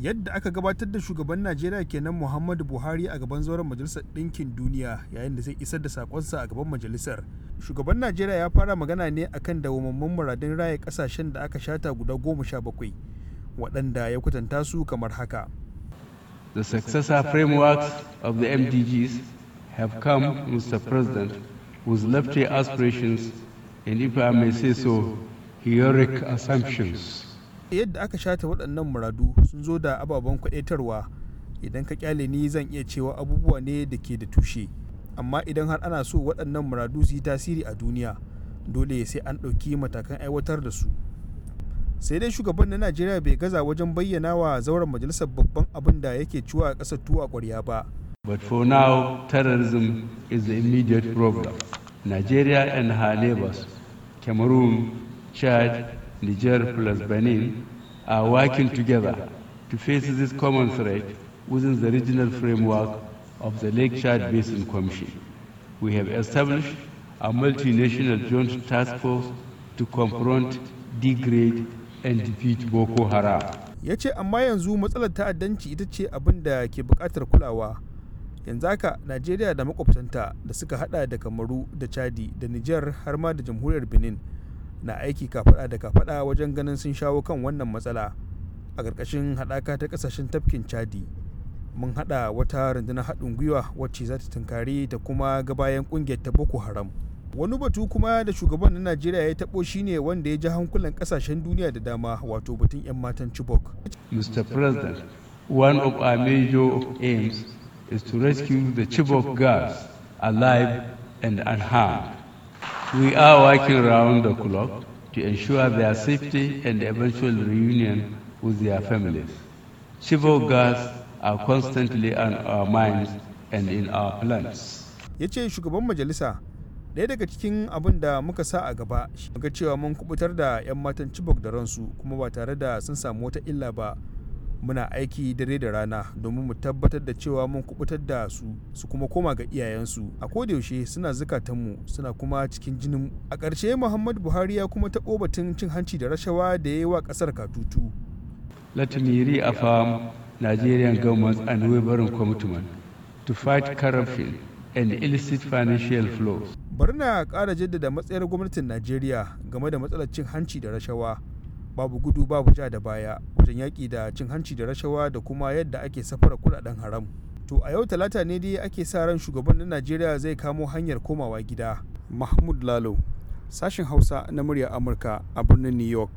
Yadda aka gabatar da shugaban Najeriya kenan Muhammadu Buhari a gaban zauren Majalisar Ɗinkin Duniya yayin da zai isar da sakonsa a gaban majalisar. Shugaban Najeriya ya fara magana ne akan dawwammamin muradun raya ƙasashen da aka shata guda goma sha bakwai, waɗanda ya kwatanta su kamar haka. The successor frameworks of the MDGs have come, Mr. President, with lefty aspirations and if I may say so, heroic assumptions. yadda aka shata waɗannan muradu sun zo da ababen kwadaitarwa idan ka kyale ni zan iya cewa abubuwa ne da ke da tushe amma idan har ana so waɗannan muradu su yi tasiri a duniya dole sai an ɗauki matakan aiwatar da su sai dai shugaban na najeriya bai gaza wajen bayyana wa zauren majalisar babban abin da yake ciwo a ƙasar tuwa ƙwarya ba but for now terrorism is the immediate problem nigeria and her neighbors cameroon chad Niger plus Benin, are working together to face this common threat within the regional framework of the Lake Chad Basin Commission. We have established a multinational joint task force to confront, degrade, and defeat Boko Haram. Ya ce amma yanzu matsalar ta'addanci ita ce abin da ke bukatar kulawa. Yanzu haka Najeriya da makwabtanta da suka hada da Kamaru da Chadi da niger har ma da Jamhuriyar Benin. na aiki kafaɗa da kafada wajen ganin sun shawo kan wannan matsala a ƙarƙashin haɗaka ta ƙasashen tafkin chadi mun haɗa wata rundunar haɗin gwiwa wacce za ta tunkari da kuma ga bayan ƙungiyar ta boko haram wani batu kuma da shugaban na najeriya ya taɓo shine wanda ya ji hankulan ƙasashen duniya da dama wato batun 'yan matan chibok mr president one of our major aims is to rescue the chibok girls alive and unharmed We are working round the clock to ensure their safety and eventual reunion with their families. Civil guards are constantly on our minds and in our plans. Ya ce shugaban majalisa ɗaya daga cikin abin da muka sa a gaba shi ga cewa mun kubutar da 'yan matan Chibok da ransu kuma ba tare da sun samu wata illa ba muna aiki dare da rana domin mu tabbatar da cewa mun kubutar da su su kuma koma ga iyayensu a kodayaushe suna zukatanmu suna kuma cikin jinin a ƙarshe muhammadu buhari ya kuma taɓo batun cin hanci da rashawa da ya yi wa ƙasar katutu latiniri a fam nigerian government and wavering commitment to fight corruption and illicit financial flows bari na ƙara jaddada matsayar gwamnatin najeriya game da matsalar cin hanci da rashawa babu gudu babu ja da baya wajen yaƙi da cin hanci da rashawa da kuma yadda ake safara kuɗaɗen haram to a yau talata ne dai ake sa ran shugaban na najeriya zai kamo hanyar komawa gida mahmud lalo sashen hausa na murya amurka a birnin new york